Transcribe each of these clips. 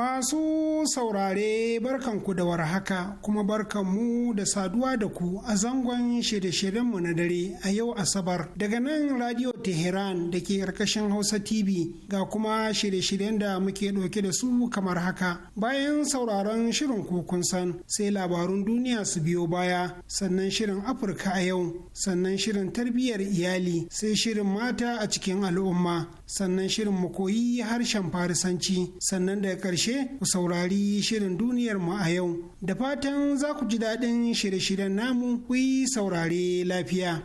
masu saurare saurare ku da warhaka kuma barkan mu da saduwa da ku a zangon shirye-shiryenmu na dare a yau Asabar daga nan Radio Tehran da ke karkashin Hausa TV ga kuma shirye-shiryen da muke ɗauke da su kamar haka. Bayan sauraron shirin kukun san sai labarun duniya su biyo baya sannan shirin Afirka a yau sannan shirin tarbiyyar iyali sai shirin mata a cikin al'umma sannan shirin mu koyi harshen Farisanci sannan daga ƙarshe ku saurari saurari shirin duniyar mu a yau. Da fatan za ku ji daɗin shirye-shiryen namu ku yi saurare lafiya.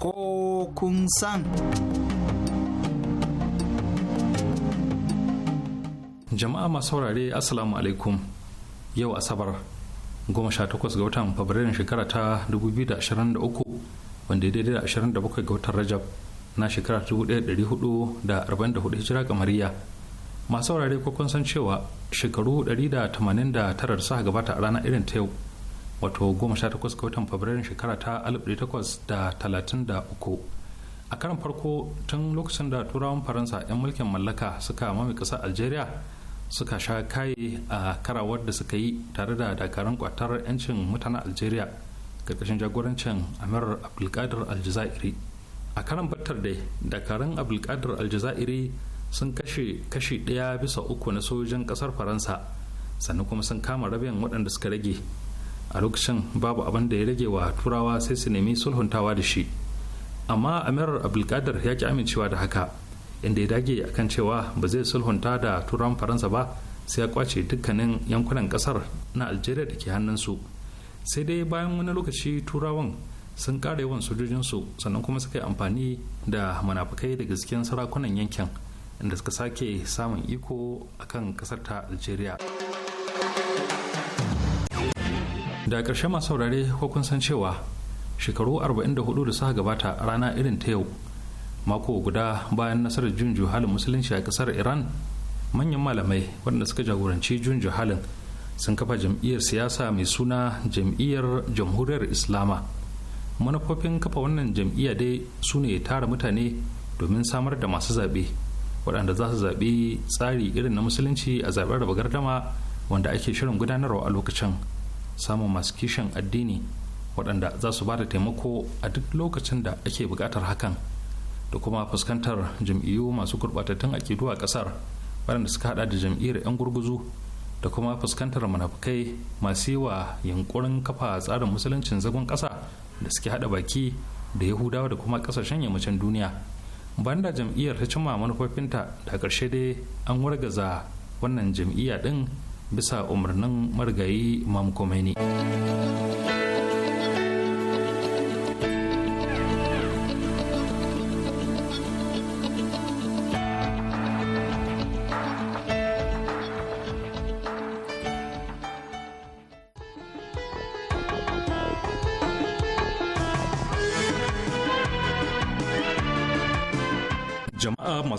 Ko kun san. Jama'a masu saurare Assalamu alaikum. Yau Asabar 18 ga watan Fabrairun shekara ta 2023 wanda daidai da 27 ga watan Rajab na shekara 1444 hijira kamariya masu saurare ko kun san cewa shekaru 189 suka gabata a ranar irin ta yau wato 18 ga watan fabrairun shekara ta uku a karan farko tun lokacin da turawan faransa 'yan mulkin mallaka suka mami ƙasar algeria suka sha kaye a karawar da suka yi tare da dakarun kwatar 'yancin mutanen algeria ƙarƙashin jagorancin amir abdulkadir aljazairi a karan battar dai dakarun abdulkadir aljazairi sun kashe kashi ɗaya bisa uku na sojojin ƙasar faransa sannan kuma sun kama rabin waɗanda suka rage a lokacin babu abin da ya rage wa turawa sai su nemi sulhuntawa da shi amma amirar abdulkadir ya ki amincewa da haka inda ya dage kan cewa ba zai sulhunta da turawan faransa ba sai ya kwace dukkanin yankunan kasar na algeria da ke hannunsu sai dai bayan wani lokaci turawan sun kare yawan sojojinsu sannan kuma suka yi amfani da munafukai da gaskiyan sarakunan yankin inda suka sake samun iko a kan ƙasar ta algeria da ƙarshe masu saurare kun san cewa shekaru 44 da suka gabata rana irin ta yau mako guda bayan nasarar jun juhalin musulunci a kasar iran manyan malamai waɗanda suka jagoranci jun juhalin sun kafa jam'iyyar siyasa mai suna jam'iyyar jamhuriyar islama manufofin kafa wannan jam'iyya dai su ne tara mutane domin samar da masu zaɓe waɗanda za su zaɓi tsari irin na musulunci a zaɓen raba gardama wanda ake shirin gudanarwa a lokacin samun masu kishin addini waɗanda za su ba da taimako a duk lokacin da ake buƙatar hakan da kuma fuskantar jam'iyyu masu gurɓatattun akidu a ƙasar waɗanda suka haɗa da jam'iyyar 'yan gurguzu da kuma fuskantar munafukai masu yi wa yunkurin kafa tsarin musuluncin zagon ƙasa da suke hada baki da yahudawa da kuma kasashen yammacin duniya banda jam'iyyar ta cimma manufofinta da ƙarshe dai an wargaza wannan jam'iyya din bisa umarnin marigayi imam Khomeini.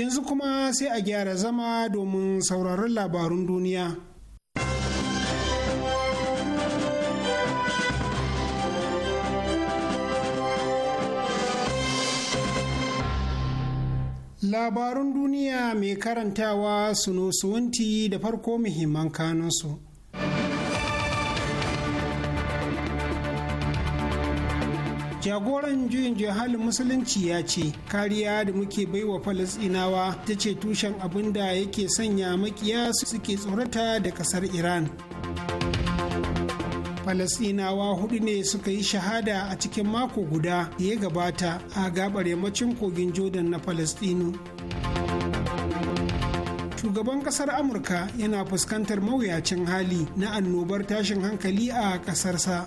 Yanzu kuma sai a gyara zama domin sauraron labarun duniya. Labarun duniya mai karantawa su sunusuwanti da farko muhimman kanunsu. jagoran juyin halin musulunci ya ce kariya da muke baiwa falasinawa ta ce tushen abin da yake sanya makiya suke tsorata da kasar iran falasinawa hudu ne suka yi shahada a cikin mako guda da ya gabata a gabar yammacin kogin jordan na Falasɗinu. shugaban kasar amurka yana fuskantar mawuyacin hali na annobar tashin hankali a kasarsa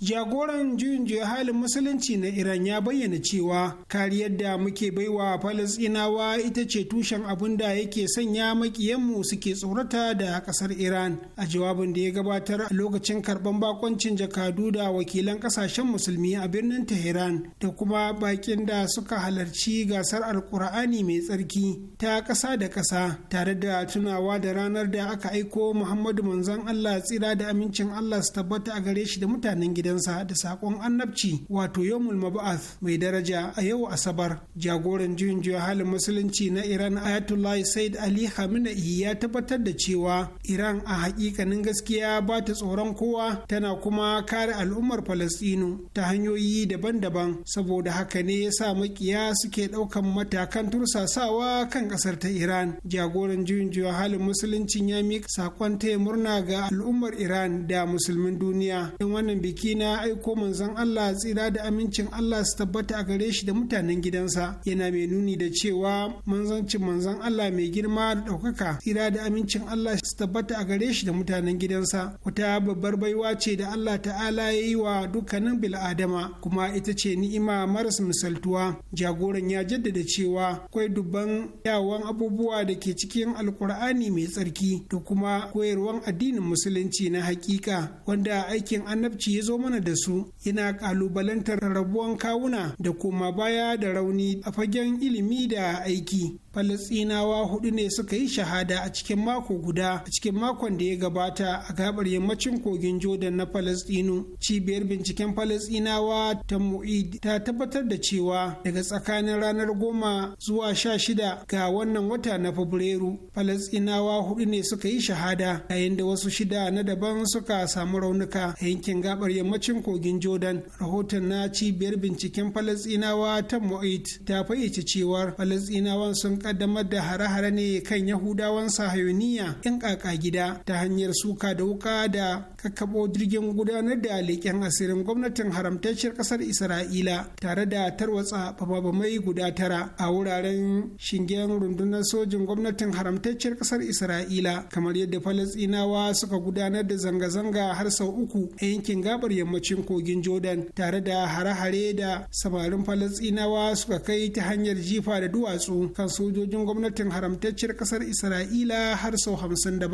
jagoran juyin juya halin musulunci na iran ya bayyana cewa kariyar da muke baiwa falasinawa ita ce tushen abin da yake sanya makiyanmu suke tsorata da kasar iran a jawabin da ya gabatar a lokacin karban bakoncin jakadu da wakilan kasashen musulmi a birnin tehran da kuma bakin da suka halarci gasar alkur'ani mai tsarki ta kasa da kasa tare da tunawa da ranar da aka aiko muhammadu manzon allah tsira da amincin allah su tabbata a gare shi da mutanen gida gidansa da sakon annabci wato yomul mab'ath mai daraja a yau asabar jagoran juyin juya halin musulunci na iran ayatollah said ali khamenei ya tabbatar da cewa iran a hakikanin gaskiya ba ta tsoron kowa tana kuma kare al'ummar falastinu ta hanyoyi daban-daban saboda haka ne ya sa makiya suke ɗaukan matakan tursasawa kan ƙasar ta iran jagoran juyin juya halin musulunci ya mika sakon taya murna ga al'ummar iran da musulmin duniya in wannan biki na ya aiko manzon Allah tsira da amincin Allah su tabbata a gare shi da mutanen gidansa yana mai nuni da cewa manzancin manzon Allah mai girma da ɗaukaka tsira da amincin Allah su tabbata a gare shi da mutanen gidansa wata babbar baiwa ce da Allah ta'ala ya yi wa dukkanin bil'adama kuma ita ce ni'ima maras misaltuwa jagoran ya jaddada cewa akwai dubban yawan abubuwa da ke cikin alkur'ani mai tsarki da kuma koyarwan addinin musulunci na hakika wanda aikin annabci ya zo mana mana da su ina kalubalantar rabuwan kawuna da koma baya da rauni a fagen ilimi da aiki Falasinawa hudu ne suka yi shahada a cikin mako guda a cikin makon da ya gabata a gabar yammacin kogin Jordan na Falasɗinu. Cibiyar binciken Falasɗinawa ta Mu'id ta tabbatar da cewa daga tsakanin ranar goma zuwa sha shida ga wannan wata na Fabrairu Falasɗinawa hudu ne suka yi shahada yayin da wasu shida na daban suka samu raunuka a yankin gabar yammacin kogin Jordan. Rahoton na cibiyar binciken Falasɗinawa ta Mu'id ta fayyace cewa Falasinawan sun kaddamar da hare-hare ne kan yahudawan sahayoniya 'yan kaka gida ta hanyar suka da wuka da kakkaɓo jirgin gudanar da leƙen asirin gwamnatin haramtacciyar ƙasar isra'ila tare da tarwatsa bababamai guda tara a wuraren shingen rundunar sojin gwamnatin haramtacciyar ƙasar isra'ila kamar yadda falasɗinawa suka gudanar da zanga-zanga har sau uku a yankin gabar yammacin kogin jordan tare da hare-hare da samarin falasɗinawa suka kai ta hanyar jifa da duwatsu kan sojin sojojin gwamnatin haramtacciyar kasar isra'ila har sau 57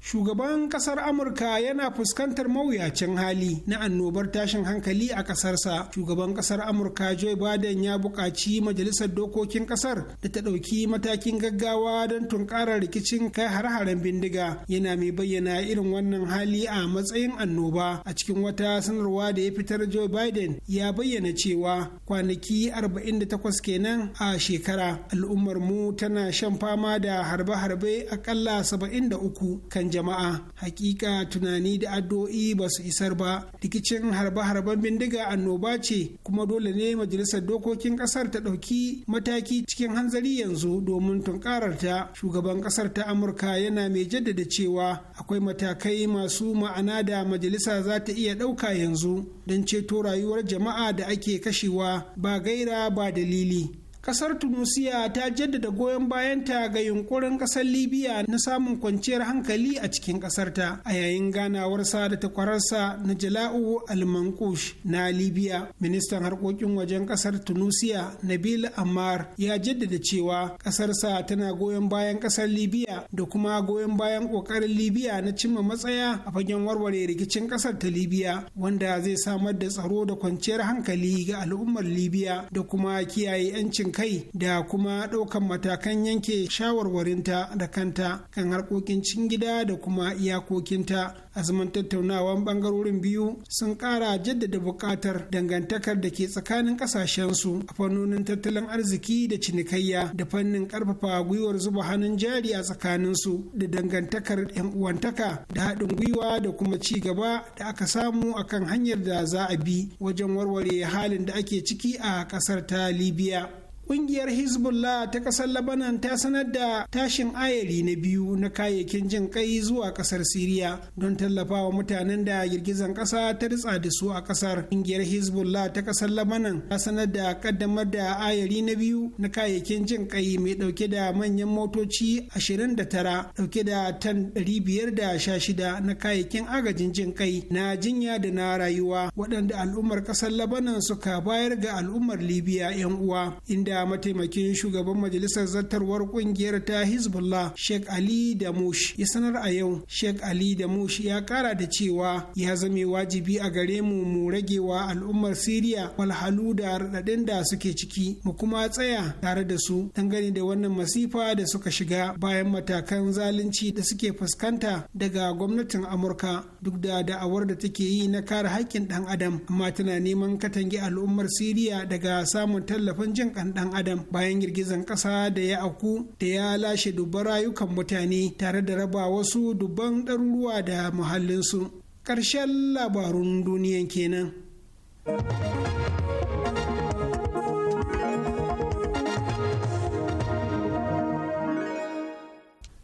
shugaban kasar amurka yana fuskantar mawuyacin hali na annobar tashin hankali a kasarsa shugaban kasar amurka joe biden ya buƙaci majalisar dokokin kasar da ta ɗauki matakin gaggawa don tunkarar rikicin kai har-haren bindiga yana mai bayyana irin wannan hali a matsayin annoba a cikin wata sanarwa da ya fitar joe biden ya bayyana cewa kwanaki 48 kenan a shekara al'ummar mu tana shan fama da harbe-harbe akalla 73 kan jama'a hakika tunani da addu'o'i ba su isar ba rikicin harbe-harben bindiga annoba ce kuma dole ne majalisar dokokin kasar ta ɗauki mataki cikin hanzari yanzu domin tunkarar ta shugaban kasar ta amurka yana mai jaddada cewa akwai matakai masu ma'ana da majalisa za ta iya ɗauka yanzu don ceto rayuwar jama'a da ake kashewa ba gaira ba dalili kasar tunisia ta jaddada goyon bayanta ga yunkurin kasar libya na samun kwanciyar hankali a cikin kasarta a yayin ganawar sa da takwararsa na jala'u almankush na libya ministan harkokin wajen kasar tunisia nabil ammar ya jaddada cewa kasarsa tana goyon bayan kasar libya da kuma goyon bayan kokarin libya na cimma matsaya a fagen warware rikicin kasar ta libya wanda zai samar da tsaro da kwanciyar hankali ga al'ummar libya da kuma kiyaye 'yancin kai da kuma ɗaukan matakan yanke shawarwarinta da kanta kan harkokin cikin gida da kuma iyakokinta azumin tattaunawar ɓangarorin biyu sun ƙara jaddada buƙatar dangantakar da ke tsakanin ƙasashensu a fannonin tattalin arziki da cinikayya da fannin ƙarfafa gwiwar zuba hannun jari a tsakaninsu da dangantakar 'yan uwantaka da haɗin gwiwa da kuma ci gaba da aka samu akan hanyar da za a bi wajen warware halin da ake ciki a ƙasar ta libya Ƙungiyar Hezbollah ta ƙasar Labanan ta sanar da tashin ayari na biyu na kayayyakin jin kai zuwa ƙasar Siriya don tallafawa mutanen da girgizan ƙasa ta ritsa da su a ƙasar. Ƙungiyar Hezbollah ta ƙasar Labanan ta sanar da ƙaddamar da ayari na biyu na kayayyakin jin kai mai ɗauke da manyan motoci 29 ɗauke da tan 516 na kayayyakin agajin jin kai na jinya da na rayuwa waɗanda al'ummar ƙasar Labanan suka bayar ga al'ummar Libya 'yan uwa inda mataimakin shugaban majalisar zartarwar kungiyar ta hezbollah sheikh ali da mush ya sanar a yau sheikh ali da mush ya kara da cewa ya zame wajibi a gare mu mu ragewa al'ummar siriya walhalu da raɗaɗin da suke ciki mu kuma tsaya tare da su dangane da wannan masifa da suka shiga bayan matakan zalunci da suke fuskanta daga gwamnatin amurka duk da da'awar da take yi na kare haƙƙin ɗan adam amma tana neman katange al'ummar siriya daga samun tallafin jin ƙan ɗan adam bayan girgizan ƙasa da ya auku da ya lashe dubban rayukan mutane tare da raba wasu dubban ɗaruruwa da muhallinsu ƙarshen labarun duniyan kenan.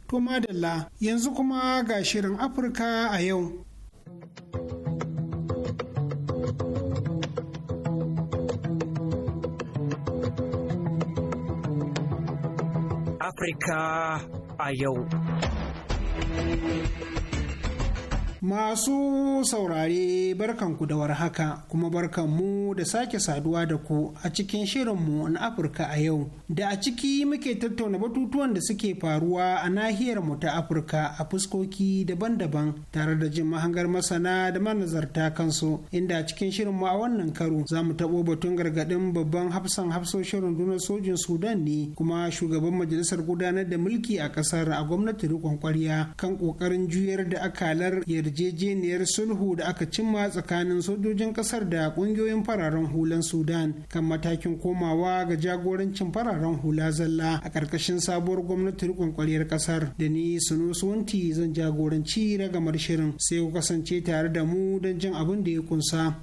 To madalla yanzu kuma ga shirin Afirka a yau. Africa. Ayo. Masu saurare barkanku da haka kuma barkanmu da sake saduwa da ku a cikin shirinmu na Afirka a yau. Da a ciki muke tattauna batutuwan da suke faruwa a nahiyar mu ta Afirka a fuskoki daban-daban tare da jin mahangar masana da manazarta kansu inda a cikin shirinmu a wannan karo za mu taɓo batun gargaɗin babban hafsan hafsoshin rundunar sojin Sudan ne kuma shugaban majalisar gudanar da mulki a ƙasar a gwamnati riƙon kwarya kan ƙoƙarin juyar da akalar yarda yarjejeniyar sulhu da aka cimma tsakanin sojojin kasar da kungiyoyin fararen hulan sudan kan matakin komawa ga jagorancin fararen hula zalla a ƙarƙashin sabuwar gwamnatin riƙon ƙwaryar kasar da ni suno suwanti zan jagoranci ragamar shirin sai ku kasance tare da mu don jin abin da ya kunsa.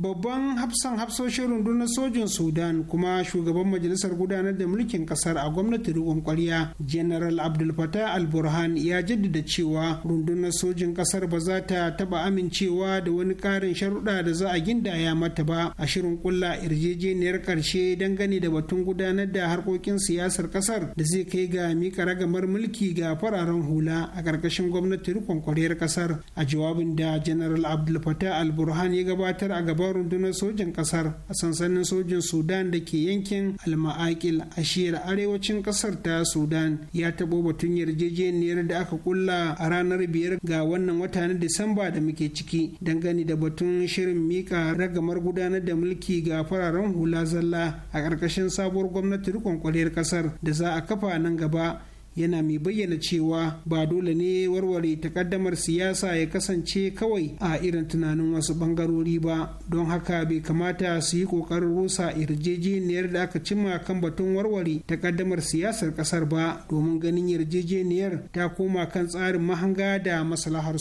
babban hafsan hafsoshin rundunar sojin sudan kuma shugaban majalisar gudanar da mulkin kasar a gwamnati rikon kwarya general abdul fatah al burhan ya jaddada cewa rundunar sojin kasar ba za ta taba amincewa da wani ƙarin sharuɗa da za a gindaya mata ba a shirin kulla yarjejeniyar ƙarshe dangane da batun gudanar da harkokin siyasar kasar da zai kai ga mika ragamar mulki ga fararen hula a ƙarƙashin gwamnatin rikon kwaryar kasar a jawabin da general abdul fatah al burhan ya gabatar a gaban shugaban rundunar sojin kasar a sansanin sojin sudan da ke yankin almaaƙil a shiyar arewacin kasar ta sudan ya taɓo batun yarjejeniyar da aka kulla a ranar biyar ga wannan wata na disamba da muke ciki dangane da batun shirin mika ragamar gudanar da mulki ga fararen hula zalla a ƙarƙashin sabuwar gwamnati rikon kwaliyar kasar da za a kafa nan gaba yana mai bayyana cewa ba dole ne warware takaddamar siyasa ya kasance kawai a irin tunanin wasu bangarori ba don haka bai kamata su yi kokarin rusa yarjejeniyar da aka cimma kan batun warware takaddamar siyasar kasar ba domin ganin yarjejeniyar ta koma kan tsarin mahanga da maslahar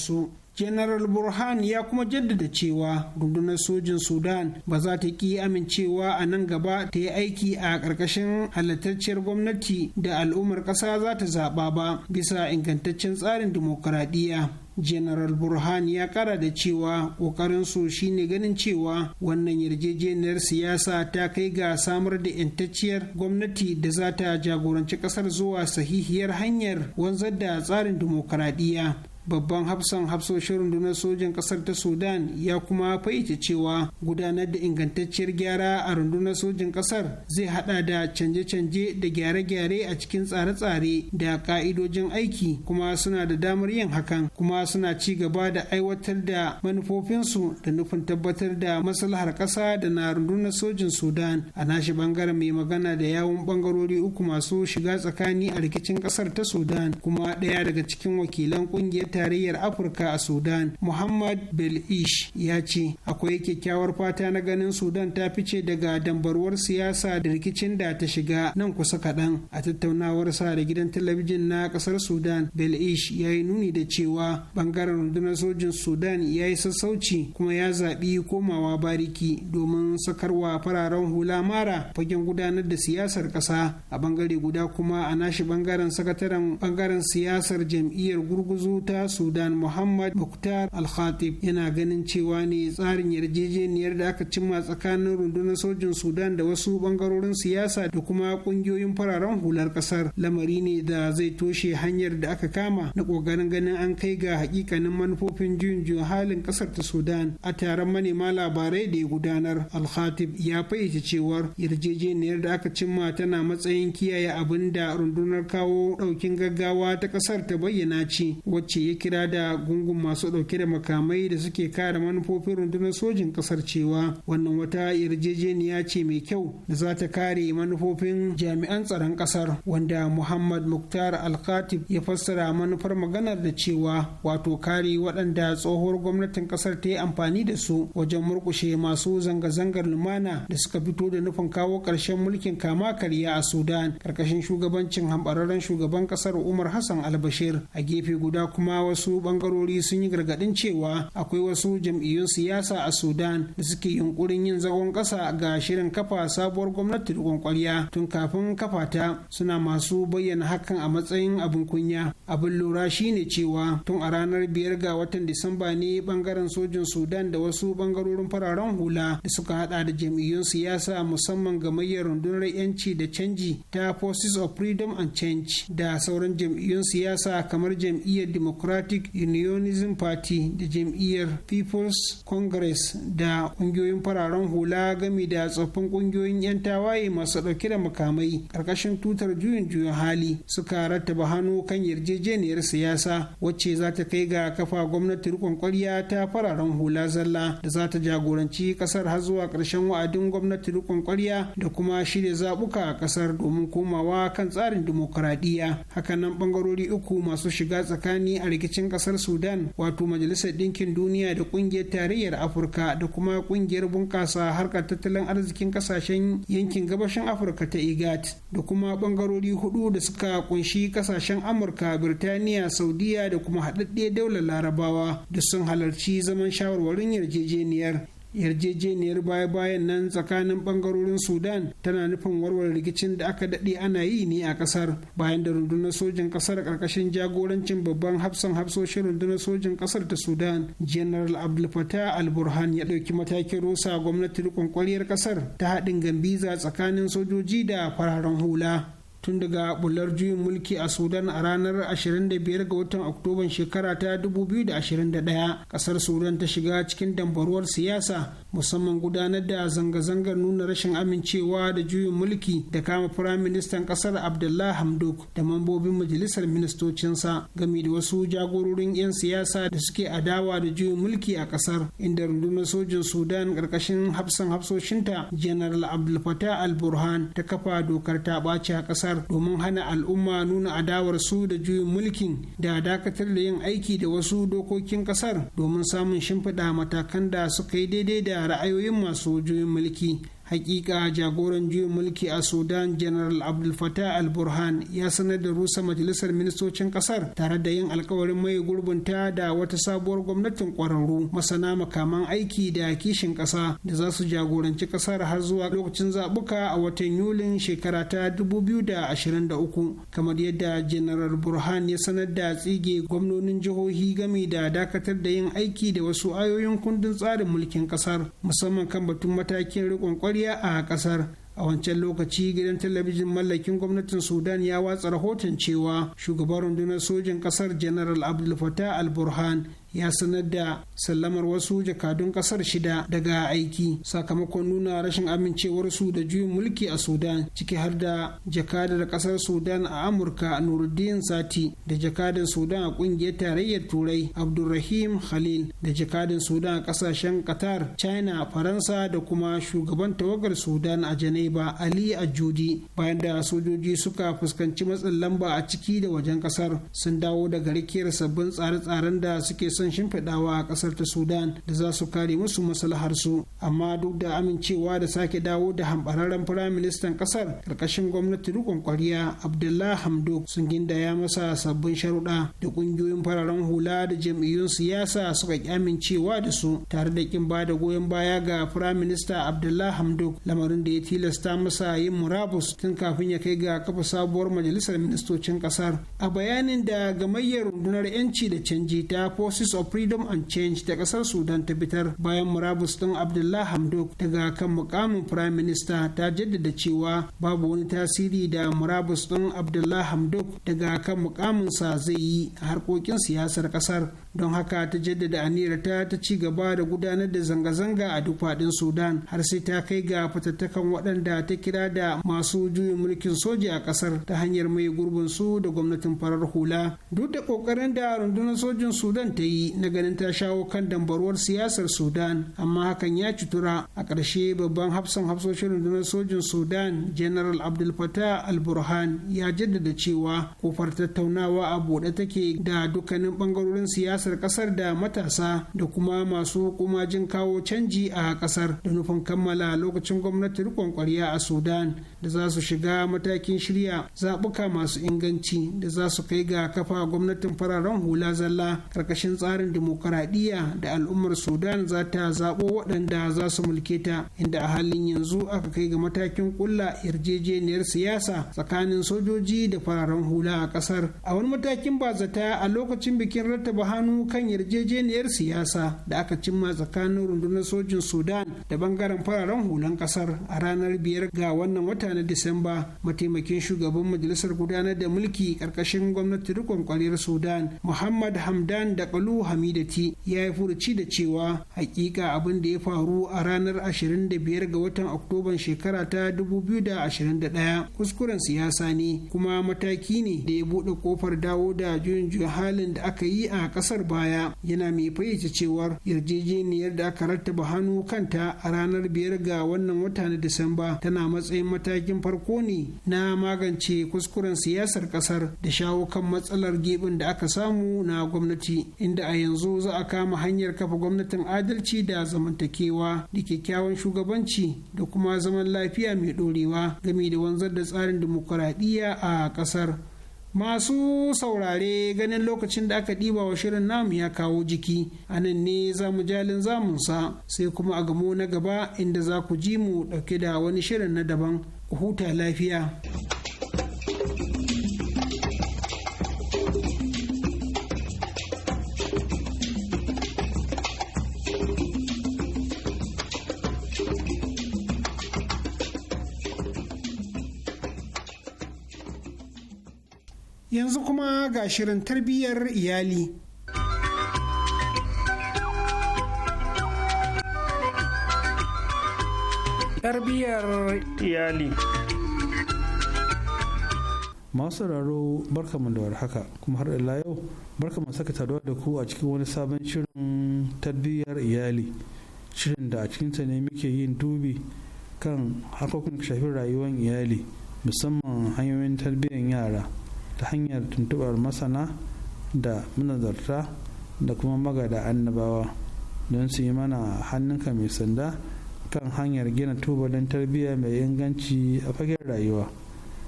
general burhan ya kuma jaddada cewa rundunar sojin sudan ba za ta ki amincewa a nan gaba ta yi aiki a ƙarƙashin halattacciyar gwamnati da al'ummar ƙasa za ta zaɓa ba bisa ingantaccen tsarin dimokuraɗiyya general burhan ya kara da cewa ƙoƙarinsu shine ganin cewa wannan yarjejeniyar siyasa ta kai ga samar da yantacciyar gwamnati da za ta jagoranci ƙasar zuwa sahihiyar hanyar wanzar da tsarin dimokuraɗiyya babban hafsan hafsoshin rundunar sojan kasar ta sudan ya kuma fayyace cewa gudanar da ingantacciyar gyara a rundunar sojan kasar zai hada da canje-canje da gyare-gyare a cikin tsare-tsare da ka'idojin aiki kuma suna da damar yin hakan kuma suna ci gaba da aiwatar da manufofinsu da nufin tabbatar da maslahar kasa da na rundunar sojin sudan a nashi bangaren mai magana da yawun bangarori uku masu shiga tsakani a rikicin kasar ta sudan kuma daya daga cikin wakilan kungiyar tarayyar afirka a sudan muhammad belish ya ce akwai kyakkyawar fata na ganin sudan ta fice daga dambarwar siyasa da rikicin da ta shiga nan kusa kaɗan a tattaunawar sa da gidan talabijin na ƙasar sudan belish ya yi nuni da cewa bangaren rundunar sojin sudan ya yi sassauci kuma ya zaɓi komawa bariki domin sakarwa fararen hula mara fagen gudanar da siyasar ƙasa a bangare guda kuma a nashi bangaren sakataren bangaren siyasar jam'iyyar gurguzu ta ta sudan muhammad muktar al-khatib yana ganin cewa ne tsarin yarjejeniyar da aka cimma tsakanin rundunar sojin sudan da wasu bangarorin siyasa da kuma kungiyoyin fararen hular kasar lamari ne da zai toshe hanyar da aka kama na kokarin ganin an kai ga hakikanin manufofin juyin halin kasar ta sudan a taron manema labarai da ya gudanar al-khatib ya fayyace cewar yarjejeniyar da aka cimma tana matsayin kiyaye abin da rundunar kawo daukin gaggawa ta kasar ta bayyana ce wacce ya kira da gungun masu ɗauke da makamai da suke kare manufofin rundunar sojin ƙasar cewa wannan wata yarjejeniya ce mai kyau da za ta kare manufofin jami'an tsaron ƙasar wanda muhammad muktar alkatib ya fassara manufar maganar da cewa wato kare waɗanda tsohuwar gwamnatin ƙasar ta yi amfani da su wajen murƙushe masu zanga-zangar lumana da suka fito da nufin kawo ƙarshen mulkin kama karya a sudan ƙarƙashin shugabancin hambararren shugaban ƙasar umar hassan albashir a gefe guda kuma kuma wasu bangarori sun yi gargadin cewa akwai wasu jam'iyyun siyasa a sudan da suke yunkurin yin zagon ƙasa ga shirin kafa sabuwar gwamnati da ƙwarya tun kafin kafa ta suna masu bayyana hakan a matsayin abin kunya abin lura shine cewa tun a ranar biyar ga watan disamba ne bangaren sojin sudan da wasu bangarorin fararen hula da suka hada da jam'iyyun siyasa musamman ga gamayyar rundunar yanci da canji ta forces of freedom and change da sauran jam'iyyun siyasa kamar jam'iyyar democrat democratic unionism party da jam'iyyar people's congress da kungiyoyin fararen hula game da tsoffin kungiyoyin 'yan tawaye masu ɗauke da makamai ƙarƙashin tutar juyin juyin hali suka rattaba hannu kan yarjejeniyar siyasa wacce za ta kai ga kafa gwamnati rikon kwarya ta fararen hula zalla da za ta jagoranci ƙasar har zuwa ƙarshen wa'adin gwamnati rikon kwarya da kuma shirya zaɓuka a ƙasar domin komawa kan tsarin dimokuraɗiyya hakanan ɓangarori uku masu shiga tsakani a rikicin kasar sudan wato majalisar ɗinkin duniya da ƙungiyar tarayyar afirka da kuma ƙungiyar bunƙasa harkar tattalin arzikin ƙasashen yankin gabashin afirka ta igat da kuma ɓangarori hudu da suka kunshi ƙasashen amurka birtaniya saudiya da kuma haɗaɗɗe daular larabawa da sun halarci zaman shawarwarin yarjejeniyar yarjejeniyar baya-bayan nan tsakanin bangarorin sudan tana nufin warware rikicin da aka daɗe ana yi ne a ƙasar bayan da rundunar sojin ƙasar ƙarƙashin jagorancin babban hafsan hafsoshin rundunar sojin ƙasar ta sudan general abdulfatah al burhan ya ɗauki matakin rusa rikon riƙon ƙasar ta haɗin gambiza tsakanin sojoji da fararen hula tun daga bular juyin mulki a sudan a ranar 25 ga watan oktoban shekara ta 2021 kasar sudan ta shiga cikin dambaruwar siyasa musamman gudanar da zanga-zangar nuna rashin amincewa da juyin mulki da kama firaministan kasar abdullah hamdok da mambobin majalisar ministocinsa gami da wasu jagororin 'yan siyasa da suke adawa da juyin mulki a kasar inda rundunar sojin sudan karkashin hafsan hafsoshinta general abdul fatah al-burhan ta kafa dokar ta ɓaci a kasar kasar domin hana al'umma nuna adawar su da juyin mulkin da dakatar da yin aiki da wasu dokokin kasar domin samun shimfiɗa matakan da suka yi daidai da ra'ayoyin masu juyin mulki hakika jagoran juyin mulki a sudan general abdul fatah al-burhan ya sanar da rusa majalisar ministocin kasar tare da yin alkawarin mai gurbinta da wata sabuwar gwamnatin kwararru masana makaman aiki da kishin kasa da za su jagoranci kasar har zuwa lokacin zabuka a watan yulin shekara ta 2023 kamar yadda general burhan ya sanar da tsige gwamnonin jihohi game da dakatar da yin aiki da wasu ayoyin kundin tsarin mulkin kasar musamman kan batun matakin riƙon kwari kariya a kasar a wancan lokaci gidan talabijin mallakin gwamnatin sudan ya watsa rahoton cewa shugaban rundunar sojin kasar general AbdulFatah al-burhan ya sanar da sallamar wasu jakadun kasar shida daga aiki sakamakon nuna rashin amincewarsu da juyin mulki a sudan ciki har da jakadar kasar sudan a amurka nuruddin sati da jakadar sudan a kungiyar tarayyar turai abdulrahim khalil da jakadar sudan a kasashen qatar china faransa da kuma shugaban tawagar sudan a janeba ali a ajudi bayan da sojoji suka fuskanci matsin lamba a ciki da wajen kasar sun dawo daga rikiyar sabbin tsare-tsaren da suke sun shimfiɗawa a ƙasar ta sudan da za su kare musu su amma duk da amincewa da sake dawo da hambararren firaministan ƙasar ƙarƙashin gwamnati rikon ƙwariya abdullah hamdo sun gindaya masa sabbin sharuɗa da ƙungiyoyin fararen hula da jam'iyyun siyasa suka ƙi amincewa da su tare da ƙin ba da goyon baya ga firaminista abdullah hamdok lamarin da ya tilasta masa yin murabus tun kafin ya kai ga kafa sabuwar majalisar ministocin ƙasar a bayanin da gamayyar rundunar 'yanci da canji ta forces Voice of Freedom and Change ta kasar Sudan ta fitar bayan murabus ɗin Abdullah Hamdok daga kan mukamin Prime Minister ta jaddada cewa babu wani tasiri da murabus ɗin Abdullah Hamdok daga kan mukamin mukaminsa zai yi a harkokin siyasar kasar don haka ta jaddada aniyarta ta ci gaba da gudanar da zanga-zanga a duk faɗin Sudan har sai ta kai ga fatattakan waɗanda ta kira da masu juyin mulkin soja a kasar ta hanyar mai gurbin su da gwamnatin farar hula duk da ƙoƙarin da rundunar sojin Sudan ta yi na ganin ta shawo kan dambarwar siyasar sudan amma hakan ya cutura a ƙarshe babban hafsan hafsoshin rundunar sojin sudan general abdul fatah al-burhan ya jaddada cewa kofar tattaunawa a buɗe take da dukkanin ɓangarorin siyasar ƙasar da matasa da kuma masu kuma jin kawo canji a ƙasar da nufin kammala lokacin gwamnati riƙon ƙwarya a sudan da za su shiga matakin shirya zaɓuka masu inganci da za su kai ga kafa gwamnatin fararen hula zalla karkashin tsarin dimokuraɗiyya da al'ummar sudan za ta zaɓo waɗanda za su mulke ta inda a halin yanzu aka kai ga matakin ƙulla yarjejeniyar siyasa tsakanin sojoji da fararen hula a ƙasar a wani matakin ba zata a lokacin bikin rattaba hannu kan yarjejeniyar siyasa da aka cimma tsakanin rundunar sojin sudan da bangaren fararen hulan ƙasar a ranar biyar ga wannan wata wata na disamba mataimakin shugaban majalisar gudanar da mulki karkashin gwamnati rikon kwarir sudan muhammad hamdan da kalu hamidati ya yi furuci da cewa hakika abin da ya faru a ranar 25 ga watan oktoban shekara ta 2021 kuskuren siyasa ne kuma mataki ne da ya bude kofar dawo da juyin juyin halin da aka yi a kasar baya yana mai fayyace cewar yarjejeniyar da aka rattaba hannu kanta a ranar 5 ga wannan wata na disamba tana matsayin mataki matakin farko ne na magance kuskuren siyasar kasar da shawo kan matsalar gibin da aka samu na gwamnati inda a yanzu za a kama hanyar kafa gwamnatin adalci da zamantakewa da kyakkyawan shugabanci da kuma zaman lafiya mai dorewa game da wanzar da tsarin dimokuraɗiyya a kasar masu saurare ganin lokacin da aka ɗiba wa shirin namu ya kawo jiki a nan ne za mu jalin zamunsa sai kuma a gamo na gaba inda za ku ji mu ɗauke da wani shirin na daban huta lafiya. Yanzu kuma ga shirin tarbiyyar iyali. tarbiyyar iyali masu raro mu da warhaka kuma har ila yau barka mu saka taruwa da ku a cikin wani sabon shirin tarbiyyar iyali shirin da a cikinsa ne muke yin dubi kan harkokin shafin rayuwar iyali musamman hanyoyin tarbiyyar yara ta hanyar tuntubar masana da manazarta da kuma magada annabawa don su yi mana hannunka mai sanda kan hanyar gina tubalin tarbiyya mai inganci a fagen rayuwa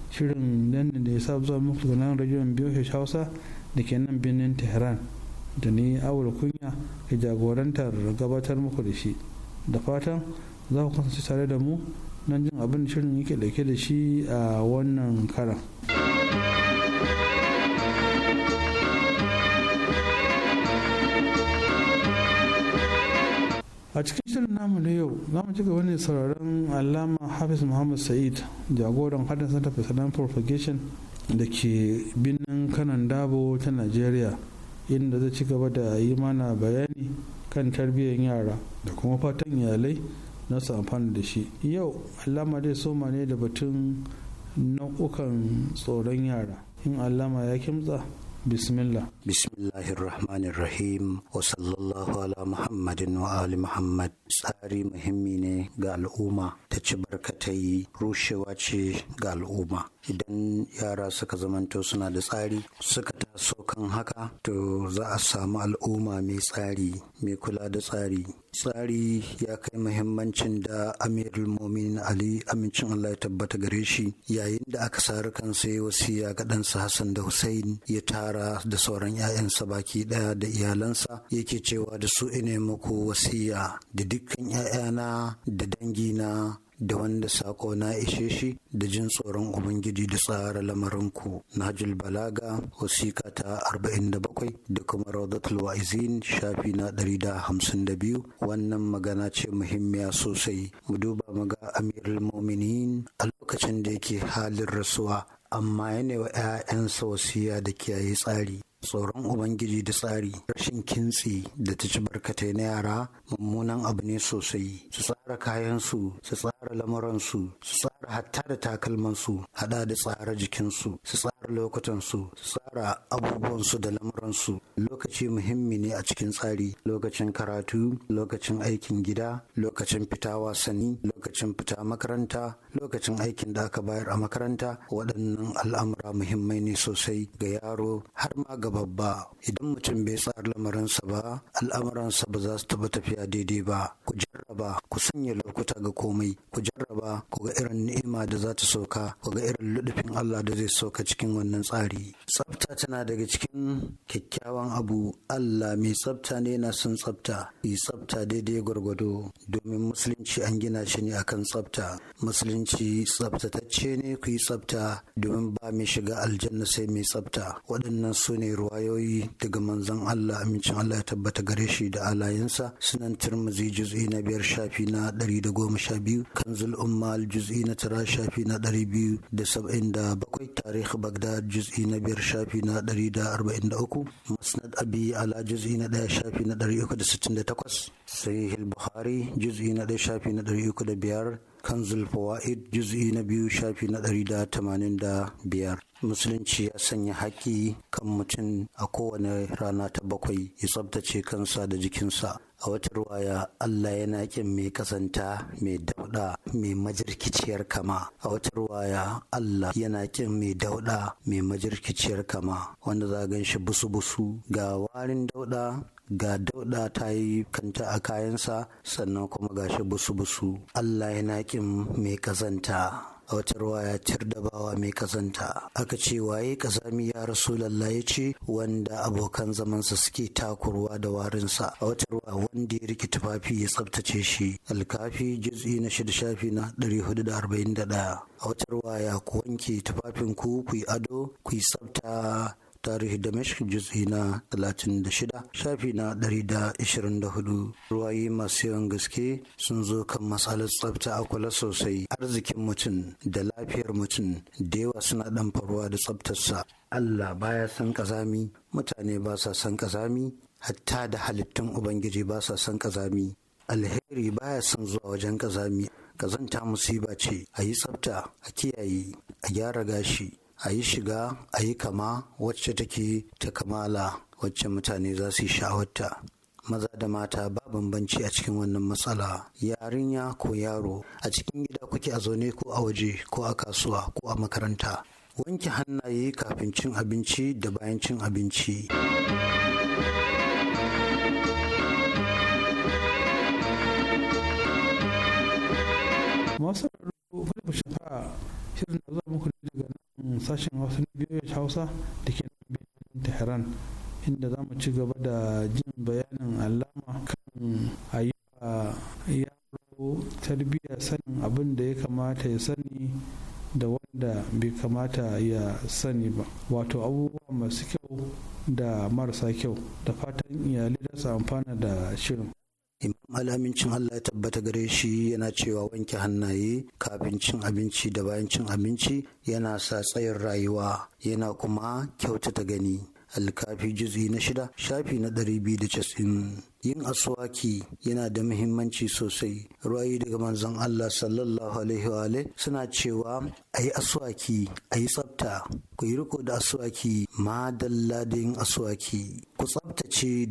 shirin nan da ya sa zuwa muku da nan rajon biyu hausa da ke nan birnin tehran da ni awul kunya ke jagorantar gabatar muku da shi da fatan za ku kasance tare da mu nan jin abin da shirin yake dauke da shi a wannan karan. a cikin shirin namu na yau za mu ci gaba sauraron alama hafiz muhammad sa'id jagoran hadin santa for propagation da ke binnin kanan dabo ta nigeria inda zai ci gaba da yi mana bayani kan tarbiyyar yara da kuma fatan iyalai na su amfani da shi yau alama dai soma ne da batun nau'ukan tsoron yara in alama ya kimtsa bismillah bismillahir rahmanir rahim wa ala muhammadin wa ali muhammad tsari muhimmi ne ga al'umma ta ci barkatai rushewa ce ga al'umma idan yara suka zamanto suna da tsari suka taso kan haka to za a samu al'umma mai tsari mai kula da tsari tsari ya kai muhimmancin da amirul mumin ali amincin allah ya tabbata gare shi yayin da aka sari kan ya wasiya ga ɗansa hassan da hussein ya tara da sauran 'ya'yansa baki ɗaya da iyalansa yake cewa da su ine muku wasiya da dukkan 'ya'yana da dangina da wanda sako na ishe shi da jin tsoron ubangiji da tsara lamarinku hajjul balaga wasika ta 47 da kuma raudatul wa'izin shafi na 152 wannan magana ce muhimmiya sosai mu duba maga amirul mominin a lokacin da yake halin rasuwa amma yana wa 'ya'yansa wasiya da kiyaye tsari tsoron ubangiji da tsari rashin kintsi da ta ci barkatai na yara mummunan abu ne sosai su tsara kayansu su tsara lamuransu su tsara hatta da takalmansu hada da tsara jikinsu su tsara lokutansu su tsara abubuwansu da lamuransu lokaci muhimmi ne a cikin tsari lokacin karatu lokacin aikin gida lokacin fita wasanni lokacin fita makaranta lokacin aikin da aka bayar a makaranta waɗannan al'amura muhimmai ne sosai ga yaro har ma ga babba idan mutum bai tsara lamarinsa ba al'amuransa ba za su taɓa tafiya daidai ba ku jarraba ku sanya lokuta ga komai ku jarraba ku ga irin ni'ima da za ta sauka ku ga irin ludufin Allah da zai sauka cikin wannan tsari tsafta tana daga cikin kyakkyawan abu Allah mai tsafta ne na sun tsafta yi tsafta daidai gwargwado domin musulunci an gina shi ne akan tsafta musulunci tsaftatacce ne ku yi tsafta domin ba mai shiga aljanna sai mai tsafta waɗannan su ne ruwayoyi daga manzon Allah amincin Allah ya tabbata gare shi da alayensa sunan turmuzi juz'i na biyar shafi na ɗari da goma sha biyu kanzul ummal juz'i na tara shafi na ɗari biyu da saba'in da bakwai Tarihi bagdad juz'i na biyar shafi shafi na 143 musnad abi ala juz'i na ɗaya shafi na 368 sahih al-bukhari juz'i na ɗaya shafi na 305 kanzul fawaid juz'i na biyu shafi na 185 musulunci ya sanya haƙƙi kan mutum a kowane rana ta bakwai ya tsabtace kansa da jikinsa a wata ruwaya Allah yana kin mai kasanta mai dauda mai majirkiciyar kama a wata ruwaya Allah yana kin mai dauda mai majirkiciyar kama wanda za gan shi busu-busu ga warin dauda ga dauda ta yi kanta a kayansa sannan kuma ga shi busu-busu allah ya naƙin mai kazanta a wata ruwaya dabawa mai kazanta aka ce waye kazami ya rasu, ya ce wanda abokan zamansa suke takurwa da warinsa a wata wanda ya riki tufafi ya tsabtace shi alkafi juz'i na shida shafi na 441 a wata ruwaya ku wanke tufafin ku ku yi ado ku yi tsabta tarihi damashq juz'i na 36 shafi na 124 ruwayi masu yawan gaske sun zo kan matsalar tsafta a kula sosai arzikin mutum da lafiyar mutum da yawa suna dan faruwa da tsaftarsa Allah baya san kazami mutane ba sa san kazami hatta da halittun ubangiji ba sa san kazami alheri baya son zuwa wajen kazami kazanta musiba ce a yi tsafta a kiyaye a gyara gashi a yi shiga a yi kama wacce take ta kamala wacce mutane za su yi sha'awarta maza da mata ba bambanci a cikin wannan matsala yarinya ko yaro a cikin gida kuke a zaune ko a waje ko a kasuwa ko a makaranta wanke hannaye kafin cin abinci da bayan cin abinci masu shafa'a shirin da zuwa muku daga Mm, sashen wasu na hausa da ke nan tehran inda za mu ci gaba da jin bayanin alama kan ayyuka yaro tarbiyyar sanin abin da ya kamata ya sani da wanda bai kamata ya sani ba wato abubuwa masu kyau da marasa kyau da fatan iyalai da amfana da shirin cin Allah ya tabbata gare shi yana cewa wanke hannaye kafin cin abinci da bayan cin abinci yana sa tsayin rayuwa yana kuma kyautata gani alkafi juz'i na shida shafi na ɗari biyu da casin yin aswaki yana da muhimmanci sosai ruwayi daga manzon Allah sallallahu alaihi wa suna cewa ayi yi aswaki a tsafta ku yi riko da aswaki ma dalla da yin aswaki ku tsaftace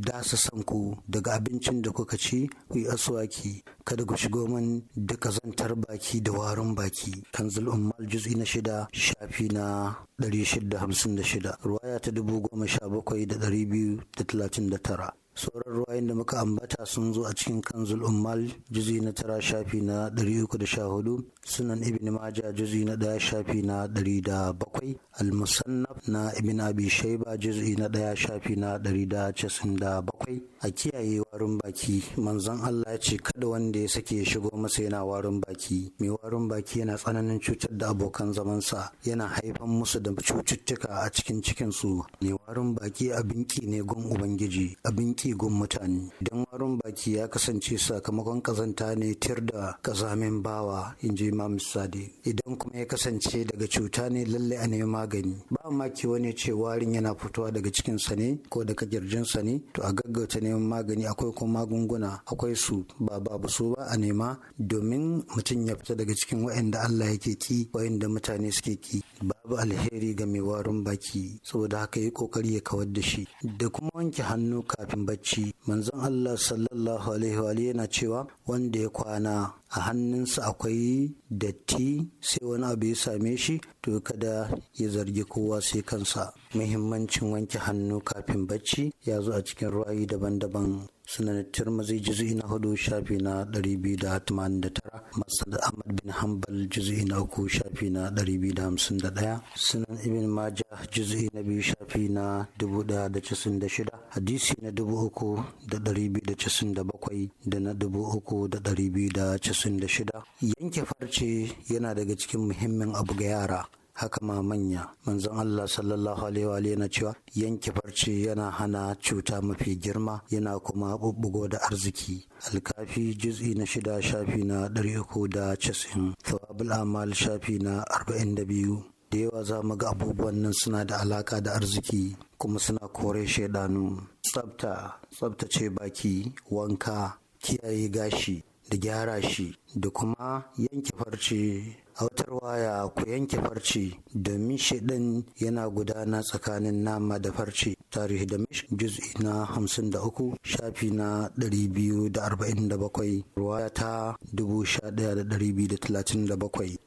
ku. daga abincin da kuka ci ku yi aswaki kada ku shigo man da kazantar baki da warin baki kanzul ummal juz'i na shida shafi na 656 ruwaya ta da 239 sauran ruwayen da muka ambata sun zo a cikin kanzul ummal juzi na tara shafi na 314 sunan ibn maja juzi na daya shafi na 107 al-musannaf na ibn abi shaiba juzi na daya shafi na 197 a kiyaye warin baki manzon Allah ya ce kada wanda ya sake ya shigo masa yana warin baki mai warin baki yana tsananin cutar da abokan zamansa yana haifan musu da cututtuka a cikin cikinsu mai warin baki abin ne gun ubangiji abin tigun mutane don warin baki ya kasance sakamakon kazanta ne tir da kazamin bawa in ji imam Sade, idan kuma ya kasance daga cuta ne lalle a nemi magani ba maki wani ce warin yana fitowa daga cikinsa ne ko daga sa ne to a gaggauta neman magani akwai kuma magunguna akwai su ba babu su ba a nema domin mutum ya fita daga cikin waɗanda Allah yake ki waɗanda mutane suke ki babu alheri ga mai warin baki saboda haka yi kokari ya kawar da shi da kuma wanke hannu kafin bacci manzon Allah sallallahu alaihi wa yana cewa wanda ya kwana a hannunsa akwai datti sai wani abu ya same shi to kada ya zargi kowa sai kansa muhimmancin wanke hannu kafin bacci ya zo a cikin ra'ayi daban-daban sunan tirmizi juzu'i na hudu shafi na 289 masad ahmad bin hanbal juzu'i na uku shafi na 251 sunan ibn maja juzu'i na biyu shafi na 1096 hadisi na 3297 da na 3296 yanke farce yana daga cikin muhimmin abu ga yara haka ma manya manzon Allah sallallahu alaihi wa na cewa yanke farce yana hana cuta mafi girma yana kuma bubugo da arziki alkafi juz'i na shida shafi na ɗari uku da casin thawabul amal shafi na arba'in da biyu da yawa za mu ga abubuwan nan suna da alaka da arziki kuma suna kore shaidanu tsabta tsabtace baki wanka kiyaye gashi da gyara shi da kuma yanke farce a wutar waya ku yanke farce domin shaidan yana gudana tsakanin nama da farce tarihi da mish juz'i na hamsin da uku shafi na ɗari biyu da arba'in da bakwai ruwaya ta dubu sha ɗaya da ɗari biyu da talatin da bakwai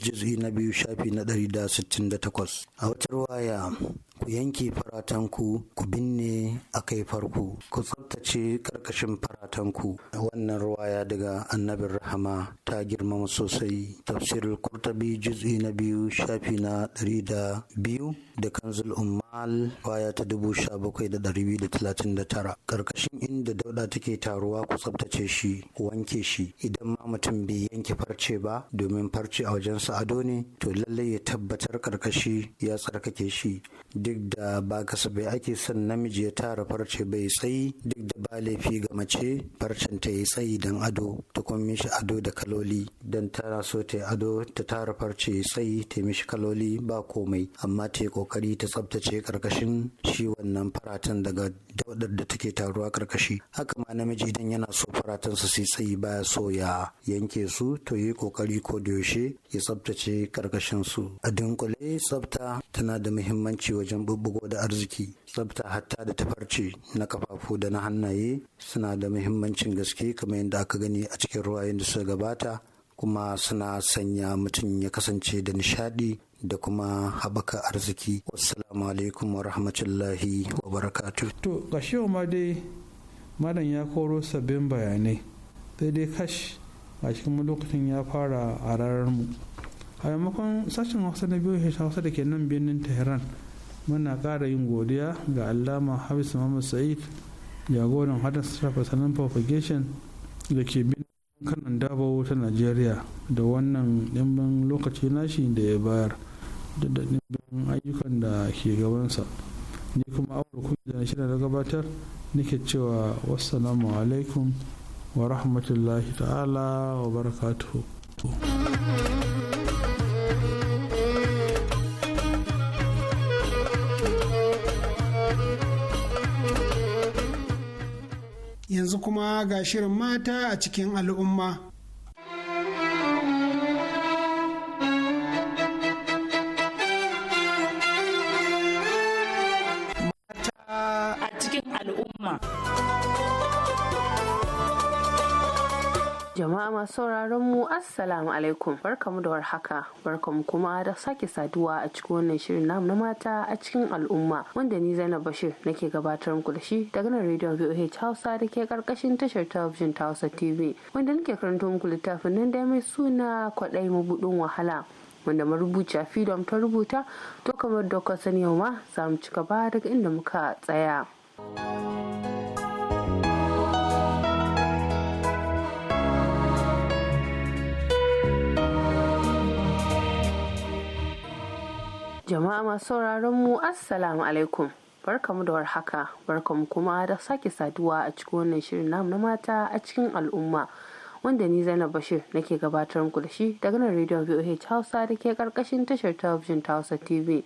juz'i na biyu shafi na ɗari da sittin da takwas a wutar waya ku yanke faratanku ku binne a kai farko ku tsabtace karkashin faratanku wannan ruwaya daga annabin rahama ta girmama sosai tafsirul kurtabi juz'i na biyu shafi na ɗari da biyu da kanzul ummal baya ta dubu sha bakwai da ɗari biyu da talatin da tara karkashin inda dauda take taruwa ku tsabtace shi wanke shi idan ma mutum bai yanke farce ba domin farce a wajen sa ado ne to lallai ya tabbatar karkashi ya tsarkake shi duk da ba bai ake son namiji ya tara farce bai tsayi duk da ba laifi ga mace farcen ta yi tsayi don ado ta kuma mishi ado da kaloli don tana so ta ado ta tara farce tsayi ta mishi kaloli ba komai amma ta kokari ta tsabtace karkashin shi wannan faratan daga daudar da take taruwa karkashi haka ma namiji idan yana so faratan su sai tsayi baya so ya yanke su to yi kokari ko da yaushe ya tsabtace karkashin su a dunkule tsabta tana da muhimmanci wajen bubbugo da arziki tsabta hatta da tafarce na kafafu da na hannaye suna da muhimmancin gaske kamar yadda aka gani a cikin ruwayen da suka gabata kuma suna sanya mutum ya kasance da nishaɗi da kuma haɓaka arziki Assalamu alaikum wa rahmatullahi wa barakatu to ga ma dai madan ya koro sabbin bayanai sai dai kash a cikin lokacin ya fara a ranar mu a maimakon sashen hausa na biyu hausa da ke nan birnin tehran muna ƙara yin godiya ga allama hafiz muhammad sa'id jagoran hadin sarrafa sanin propagation da ke bin kanan daba ta najeriya da wannan ɗimbin lokaci nashi da ya bayar da ɗimbin ayyukan da ke gabansa ni kuma awar kuma da shirin da gabatar nake cewa wassalamu alaikum wa rahmatullahi ta'ala wa barakatuhu yanzu kuma ga shirin mata a cikin al'umma a cikin al'umma Jama'a masu sauraron mu Assalamu alaikum barkamu da warhaka barkamu kuma da sake saduwa a cikin wannan shirin namu na mata a cikin al'umma wanda ni Zainab Bashir nake gabatar muku da shi daga nan rediyon VOH Hausa da ke karkashin tashar television ta Hausa TV wanda nake karanto muku littafin nan da mai suna kwaɗai mabudin wahala wanda marubuciya Freedom ta rubuta to kamar dokar sani yau ma za mu ci gaba daga inda muka tsaya. Jama'a masu sauraron mu Assalamu alaikum. Barkamu da warhaka, barkamu kuma da sake saduwa a cikin wannan shirin namu na mata a cikin al'umma. Wanda ni Zainab Bashir nake gabatar muku da shi daga nan rediyon VOH Hausa da ke karkashin tashar talabijin ta Hausa TV.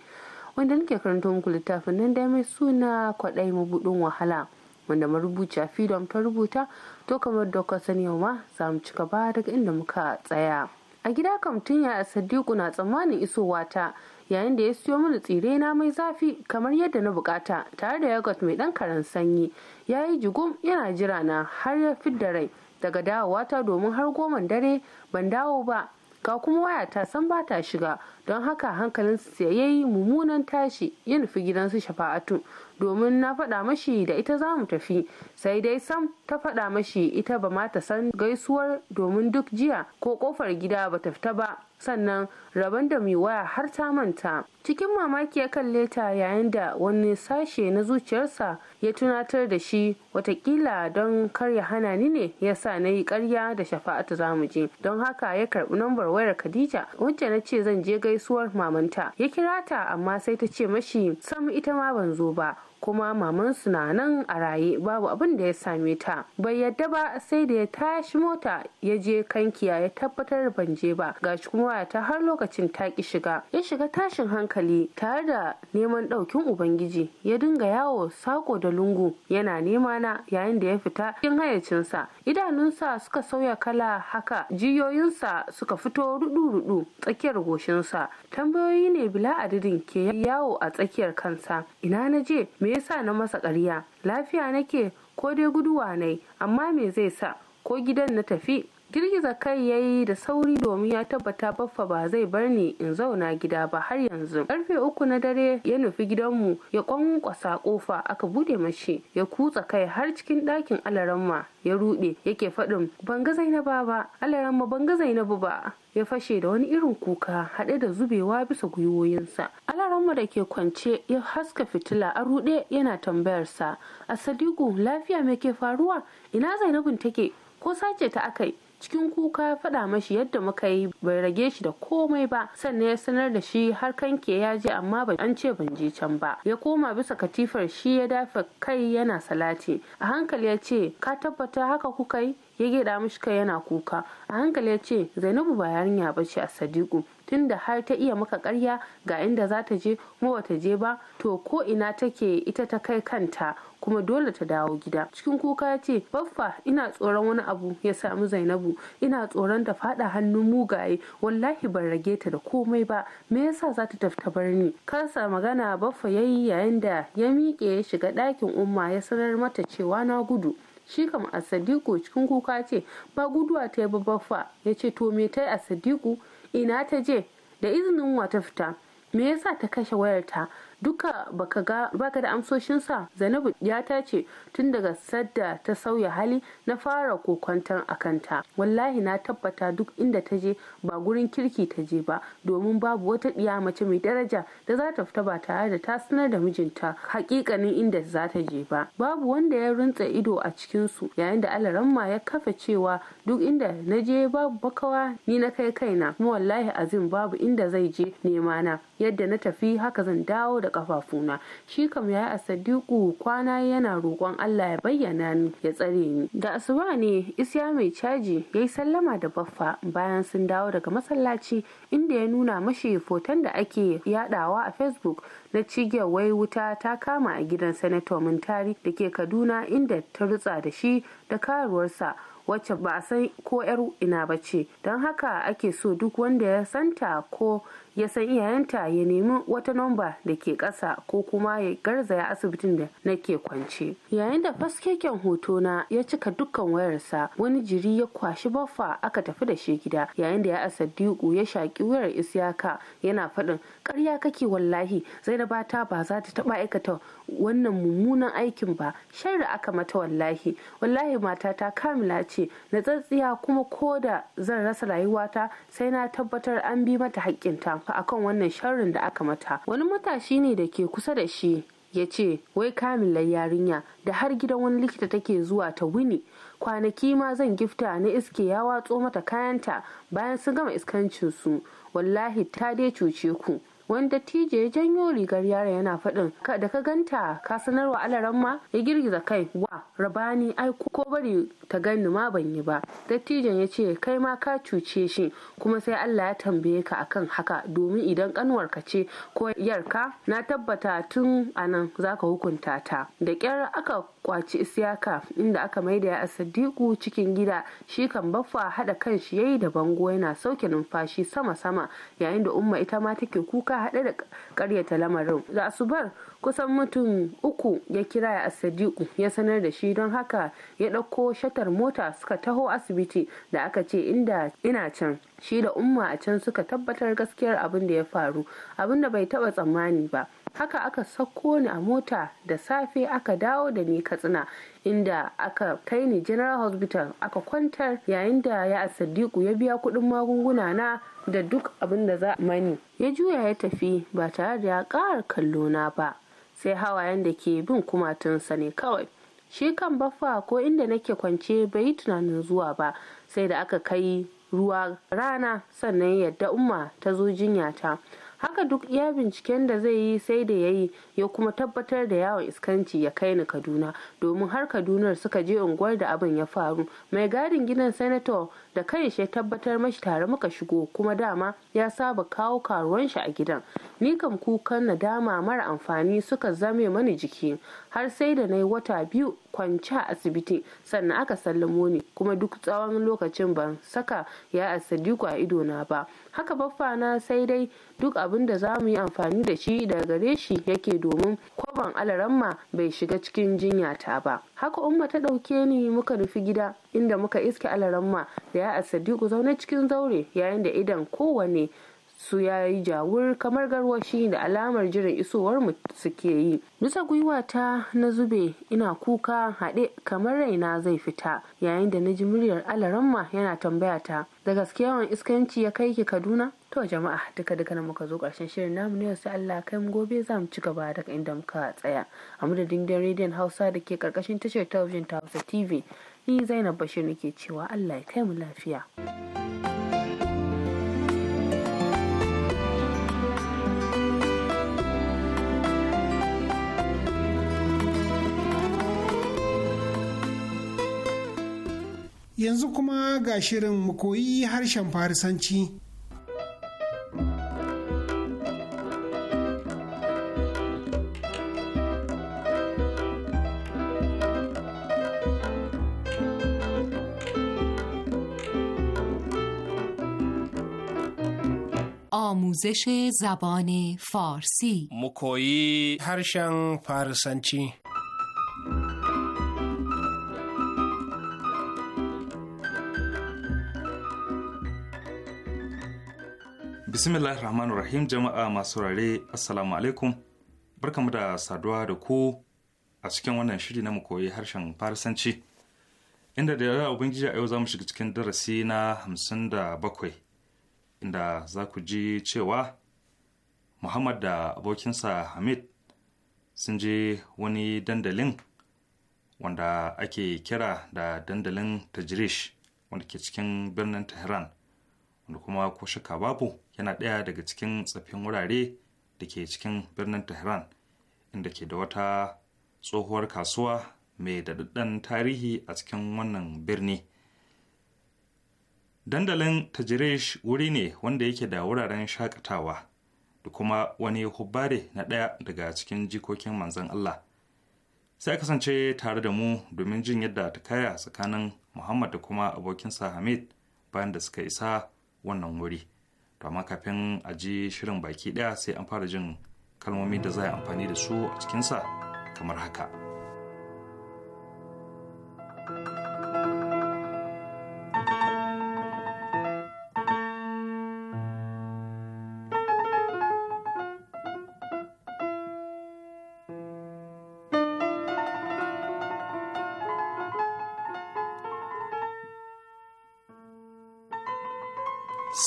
Wanda nake karanto muku littafin nan da mai suna kwaɗai mabuɗin wahala. Wanda marubuciya Freedom ta rubuta to kamar dokar sani yau ma za mu ci gaba daga inda muka tsaya. A gida kam tun ya Sadiku na tsammanin isowa ta yayin da ya siyo mini tsire na mai zafi kamar yadda na bukata tare da yogurt mai dan karan sanyi ya yi jigum yana jira na har ya fidda rai daga dawowata domin har goman dare ban dawo ba ga kuma waya ta san ba ta shiga don haka hankalin su ya yi mummunan tashi ya nufi su shafa'atu domin na faɗa mashi da ita za mu tafi sai dai sam ta faɗa mashi ita ba ma ta san gaisuwar domin duk jiya ko ƙofar gida ba ta fita ba sannan rabon da mai waya har ta manta cikin mamaki ya kalle ta yayin da wani sashe na zuciyarsa ya tunatar da shi watakila don kar ya hana ni ne ya sa na yi karya da shafa'atu zamu je don haka ya karbi nambar wayar khadija wacce na ce zan je gaisuwar mamanta ya kira ta amma sai ta ce mashi sam ita ma ban zo ba kuma mamansu na nan a raye babu abin da ya same ta bai yadda ba sai da ya tashi mota ya je kankiya ya tabbatar ban je ba Ga shi kuma ta har lokacin ta ki shiga ya shiga tashin hankali tare da neman ɗaukin ubangiji ya dinga yawo sako da lungu yana nema na yayin da ya fita cikin hayyacinsa. idanunsa suka sauya kala haka jiyoyinsa suka fito rudu-rudu tsakiyar goshinsa tambayoyi ne bila adadin ke yawo a tsakiyar kansa ina na je me yasa na masa ƙarya lafiya nake ko dai guduwa nai amma me zai sa ko gidan na tafi girgiza kai ya yi da sauri domin ya tabbata baffa ba zai bar ni in zauna gida ba har yanzu karfe uku na dare ya nufi gidanmu ya kwankwasa kofa aka bude mashi ya kutsa kai har cikin ɗakin alaramma ya ruɗe yake faɗin ban ga zainaba ba alaramma ban zainabu ba ya fashe da wani irin kuka haɗe da zubewa bisa gwiwoyinsa alaramma da ke kwance ya haska fitila a ruɗe yana tambayarsa a sadiku lafiya me ke faruwa ina zainabun take ko sace ta akai cikin kuka ya faɗa mashi yadda muka yi bai rage shi da komai ba sannan ya sanar da shi har kanke ya je amma ba an ce ban je can ba ya koma bisa katifar shi ya dafa kai yana salati a hankali ya ce ka tabbata haka kuka yi ya gida mashi kai yana kuka a hankali ya ce zainabu ba yarinya ba ce a sadiku tunda har ta iya maka karya ga inda za ta je kuma ba ta je ba to ko ina take ita ta kai kanta kuma dole ta dawo gida cikin kuka ya ce baffa ina tsoron wani abu ya samu zainabu ina tsoron ta fada hannun mugaye wallahi ban rage ta da komai ba me yasa za ta tafi ta bar ni kansa magana baffa ya yi yayin da ya miƙe ya shiga ɗakin umma ya sanar mata cewa na gudu shi kam a sadiku cikin kuka ce ba guduwa ta yi baffa ya ce to me ta yi a sadiku ina ta je da izinin wa ta fita me yasa ta kashe wayarta duka baka ga baka da sa? zainabu ya tace tun daga sadda ta sauya hali na fara kokwantar akanta wallahi na tabbata duk inda ta je ba gurin kirki ta je ba domin babu wata ɗiya mace mai daraja da za ta fita ba tare da ta sanar da mijinta hakikanin inda za ta je ba babu wanda ya runtse ido a cikin su yayin da alaramma ya kafa cewa duk inda na je babu bakawa ni na kai kaina kuma wallahi azim babu inda zai je nema na yadda na tafi haka zan dawo da da kafafuna shi kam ya yi a sadiku kwana yana roƙon Allah ya bayyana ni ya tsare ni da asuba ne isya mai caji ya yi sallama da baffa bayan sun dawo daga masallaci inda ya nuna mashi foton da ake yadawa a facebook na cigiyar wai wuta ta kama a gidan sanator mintari da ke kaduna inda ta rutsa da shi da karuwarsa wacce ba a san ko 'yar ina ba ce don haka ake so duk wanda ya santa ko ya san iyayenta ya nemi wata nomba da ke ƙasa ko kuma ya garzaya asibitin da nake kwance yayin da faskeken hoto na ya cika dukkan wayarsa wani jiri ya kwashi baffa aka tafi da shi gida yayin da ya asadiku ya shaƙi wayar isyaka yana faɗin karya kake wallahi zainaba ta ba za ta taɓa aikata wannan mummunan aikin ba sharri aka mata wallahi wallahi mata ta kamila ce na tsatsiya kuma ko da zan rasa rayuwata sai na tabbatar an bi mata haƙƙinta fa akan wannan sharrin da aka mata wani matashi ne da ke kusa da shi ya ce wai kamilar yarinya da har gidan wani likita take zuwa ta wuni kwanaki ma zan gifta na iske ya watso mata kayanta bayan sun gama iskancinsu wallahi ta dai cuce ku wanda tijo ya janyo rigar yaron yana faɗin da ka ganta ka sanarwa ma ya girgiza kai wa rabani ai ko bari ta gani ma ban yi ba dattijan ya ce kai ma ka cuce shi kuma sai allah ya tambaye ka akan haka domin idan ka ce ko yarka na tabbata tun anan zaka hukunta ta da kyar aka kwaci Isiyaka inda aka maida ya Sadiku cikin gida shi kan baffa haɗa kan shi yayi da bango yana sauke numfashi sama-sama yayin da umma ita ma take kuka haɗe da ƙaryata lamarin. Da asubar kusan mutum uku ya kira ya Sadiku ya sanar da shi don haka ya ɗauko shatar mota suka taho asibiti da aka ce inda ina can shi da umma a can suka tabbatar gaskiyar abin da ya faru abin da bai taɓa tsammani ba. haka aka sauko ni a mota da safe aka dawo da ni katsina inda aka kai ni general hospital aka kwantar yayin da ya sadiku ya biya kudin magunguna na da duk abin da za mani ya juya ya tafi ba tare da ya ƙara kallo na ba sai hawayen da ke bin kumatunsa ne kawai shi kan baffa ko inda nake kwance bai yi tunanin zuwa ba sai da aka kai ruwa rana sannan yadda umma ta zo jinya ta haka duk iya binciken da zai yi sai da ya yi ya kuma tabbatar da yawon iskanci ya kai ni kaduna domin har kadunar suka je unguwar da abin ya faru mai gadin gidan senator da kai shi tabbatar mashi tare muka shigo kuma dama ya saba kawo karuwan shi a gidan ni kam kukan nadama mara amfani suka zame mani jiki har sai da na yi wata biyu kwanci a asibiti sannan aka sallamo ni kuma duk tsawon lokacin ban saka ya a sadiku a idona ba haka baffa na sai dai duk abin da za mu yi amfani da shi daga gare shi yake domin kwaban alaramma bai shiga cikin jinyata ba haka umma ta ɗauke ni muka nufi gida inda muka iske alaramma da ya sadiku zaune cikin zaure yayin da idan kowane su ya yi jawur kamar garwashi da alamar jiran isowar mu suke yi bisa gwiwa ta na zube ina kuka haɗe kamar raina zai fita yayin da na ji muryar alaramma yana tambaya ta da gaske yawan iskanci ya kai ki kaduna to jama'a duka duka na muka zo karshen shirin namu ne sai Allah kai mu gobe za mu ci gaba daga inda muka tsaya a madadin gidan rediyon Hausa da ke karkashin tashar talabijin ta Hausa TV ni zainab bashir nake cewa allah ya kai mu lafiya yanzu kuma ga shirin mu koyi harshen farisanci آموزش زبان فارسی مکویی هرشن فارسنچی rahim jama'a masu rare assalamu alaikum barkamu da saduwa da ku a cikin wannan shiri na mukoyi harshen farisanci inda da yawa ubangiji a yau za mu shiga cikin darasi na hamsin da bakwai inda za ku ji cewa muhammad da abokinsa hamid sun je wani dandalin wanda ake kira da dandalin tajirish wanda ke cikin birnin tehran wanda kuma ko shaka babu yana ɗaya daga cikin tsafin wurare da ke cikin birnin tehran inda ke da wata tsohuwar kasuwa mai daɗaɗɗen tarihi a cikin wannan birni. Dandalin Tajirish wuri ne wanda yake da wuraren shakatawa da kuma wani hubbare na ɗaya daga cikin jikokin manzan Allah. Sai kasance tare da mu domin jin yadda ta kaya tsakanin Muhammad da kuma abokinsa Hamid bayan da suka isa wannan wuri. To kafin a ji shirin baki ɗaya sai an fara jin kalmomi da za a amfani da su a cikinsa kamar haka.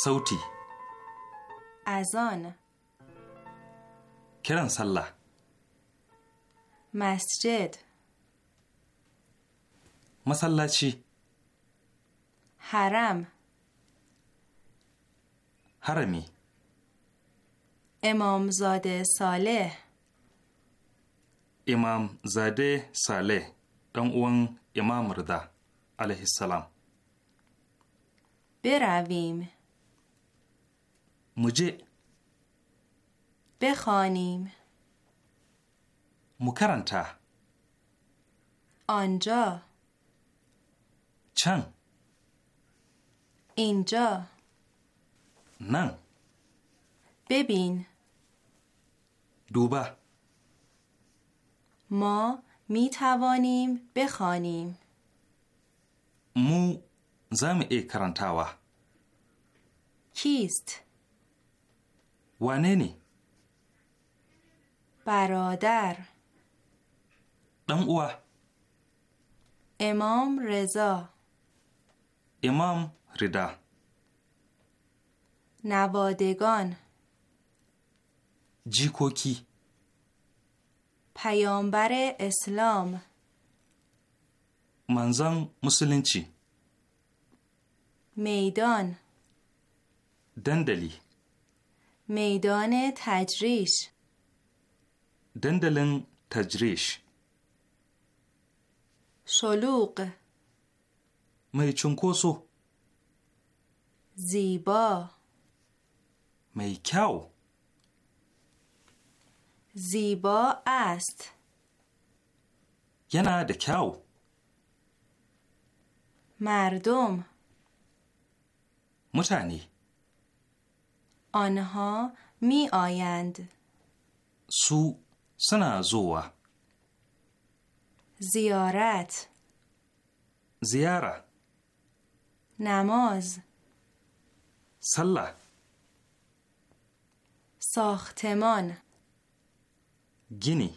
azan اذان کران masjid مسجد haram harami امام امامزاده صالح امام زاده صالح دان اون امام رضا علیه السلام برویم مجه بخوانیم مکرنتا آنجا چن اینجا نن ببین دوبه ما می توانیم بخوانیم مو زم ای و کیست؟ وانه برادر دن اوه امام رضا امام رضا نوادگان جیکوکی پیامبر اسلام منزان مسلمچی میدان دندلی میدان تجریش دندلن تجریش شلوغ می زیبا می زیبا است ینا دکاو مردم متعنی آنها می آیند سو سنا زوا زیارت زیاره نماز سله ساختمان گینی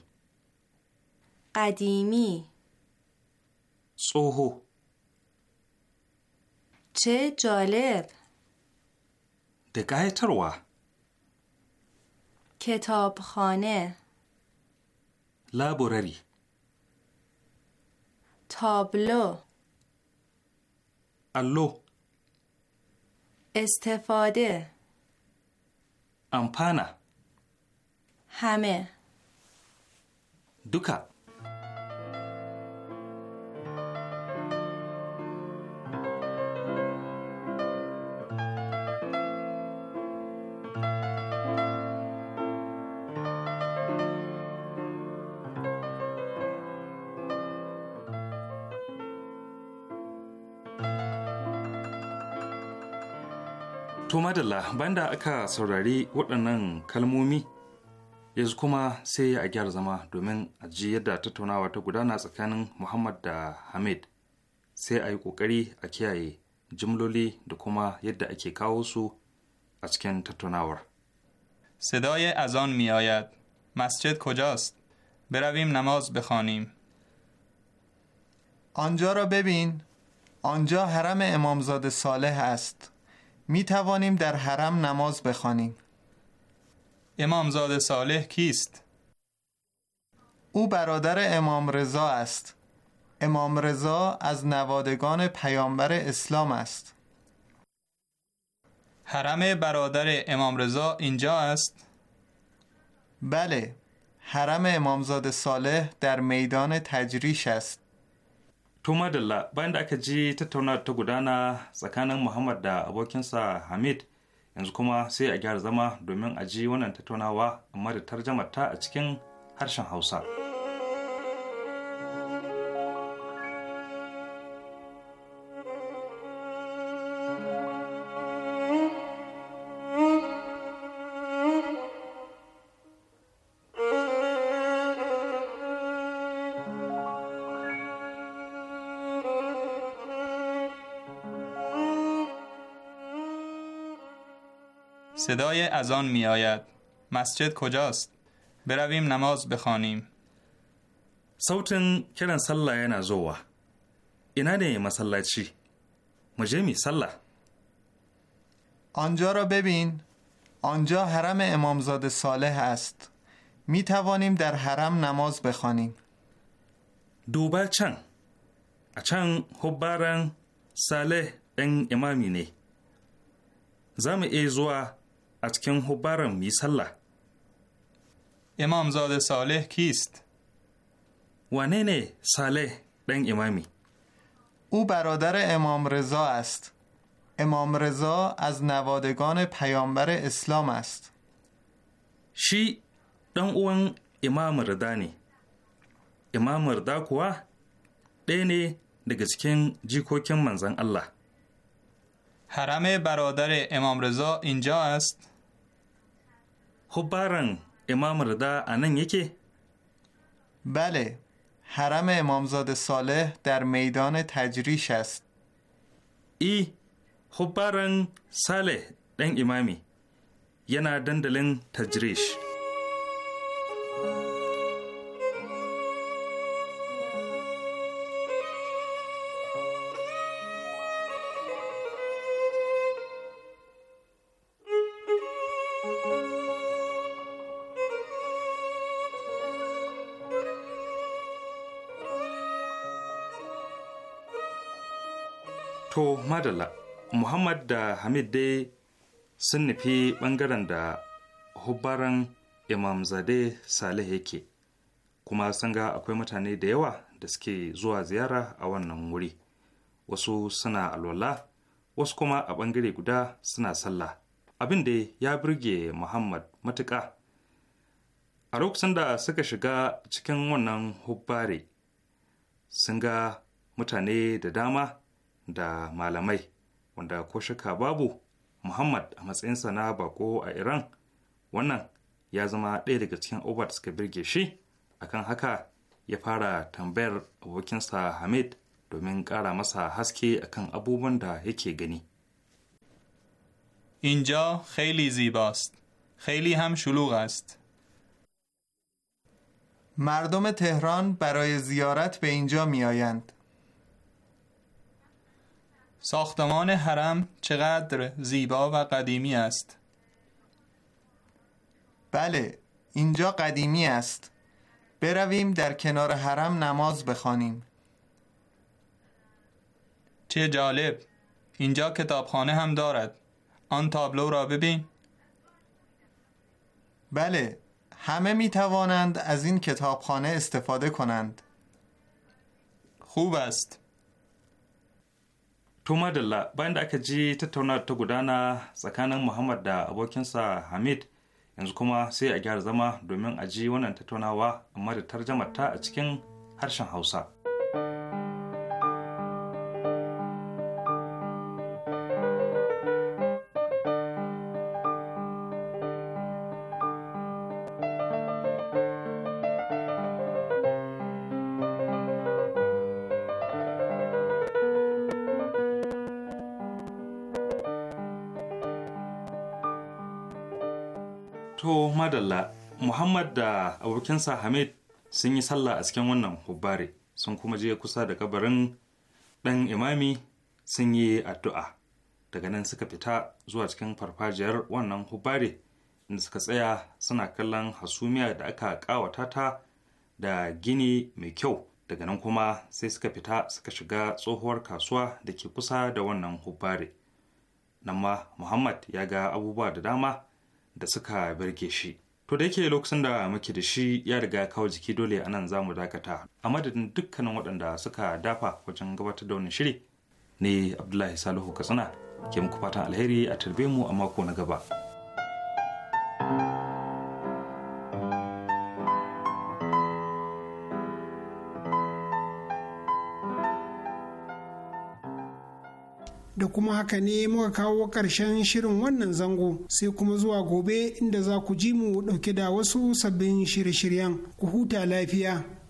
قدیمی سوهو چه جالب da کتاب کتابخانه لابورری تابلو الو استفاده امپانا همه دوکا To madalla banda aka saurari waɗannan kalmomi yanzu kuma sai a gyara zama domin a ji yadda tattaunawa ta gudana tsakanin Muhammad da Hamid sai a yi ƙoƙari a kiyaye jimloli da kuma yadda ake kawo su a cikin tattaunawar. صدای اذان می آید. مسجد کجاست؟ برویم نماز بخوانیم. آنجا را ببین. آنجا حرم امامزاده صالح است. می توانیم در حرم نماز بخوانیم. امامزاده صالح کیست؟ او برادر امام رضا است. امام رضا از نوادگان پیامبر اسلام است. حرم برادر امام رضا اینجا است؟ بله، حرم امامزاده صالح در میدان تجریش است. da madalla bayan da aka ji tattauna ta gudana tsakanin Muhammad da abokinsa Hamid yanzu kuma sai a gyara zama domin a ji wannan tattaunawa amma da tarjamar ta a cikin harshen Hausa. صدای اذان می آید مسجد کجاست برویم نماز بخوانیم صوتن کلن سلا یا zowa اینا ne چی؟ چی؟ je آنجا را ببین آنجا حرم امامزاده صالح است می توانیم در حرم نماز بخوانیم دوبه چن اچن حبارن صالح این امامی نه زم ایزوه a cikin hubbaran mu yi sallah امامزاده صالح کیست؟ wane ne Saleh ɗan imami? او برادر امام رضا است. امام رضا از نوادگان پیامبر اسلام است. شی دان اون امام رضا امام رضا کوا دینه ne daga cikin jikokin manzan حرم برادر امام رضا اینجا است؟ خب امام رضا انن یکی؟ بله حرم امامزاد صالح در میدان تجریش است ای خب صالح دن امامی یه دندلن تجریش madalla muhammad da hamid dai sun nufi ɓangaren da hubbaran zade salih yake kuma sun ga akwai mutane da yawa da suke zuwa ziyara a wannan wuri wasu suna alwala wasu kuma a ɓangare guda suna sallah abin da ya birge muhammad matuƙa a lokacin da suka shiga cikin wannan hubbare sun ga mutane da dama da malamai wanda ko shaka babu muhammad a matsayinsa na bako a iran wannan ya zama ɗaya daga cikin obat suka birge shi akan haka ya fara tambayar abokinsa hamid domin ƙara masa haske akan abubuwan da yake gani اینجا خیلی زیباست. خیلی هم شلوغ است. مردم تهران برای زیارت به اینجا می ساختمان حرم چقدر زیبا و قدیمی است بله اینجا قدیمی است برویم در کنار حرم نماز بخوانیم چه جالب اینجا کتابخانه هم دارد آن تابلو را ببین بله همه می توانند از این کتابخانه استفاده کنند خوب است To madalla bayan da aka ji tattauna ta gudana tsakanin Muhammad da abokinsa Hamid yanzu kuma sai a gyara zama domin a ji wannan tattaunawa amma da tarjamar ta a cikin harshen Hausa. Muhammad da abokinsa Hamid sun yi sallah a cikin wannan hubbare sun kuma je kusa da kabarin ɗan imami sun yi addu'a daga nan suka fita zuwa cikin farfajiyar wannan hubbare inda suka tsaya suna kallon hasumiya da aka ƙawata ta da gini mai kyau daga nan kuma sai suka fita suka shiga tsohuwar kasuwa da ke kusa da wannan hubbare nan ma muhammad ya ga abubuwa da dama da suka birge shi To da yake lokacin da muke da shi ya riga kawo jiki dole a nan za mu dakata. A madadin dukkanin waɗanda suka dafa wajen gabatar da wani shiri ne Abdullahi Salihu Katsina ke muku fatan alheri a tarbe mu a mako na gaba. kuma haka ne muka kawo ƙarshen shirin wannan zango sai kuma zuwa gobe inda za ku ji mu ɗauke da wasu sabbin shirye-shiryen ku huta lafiya.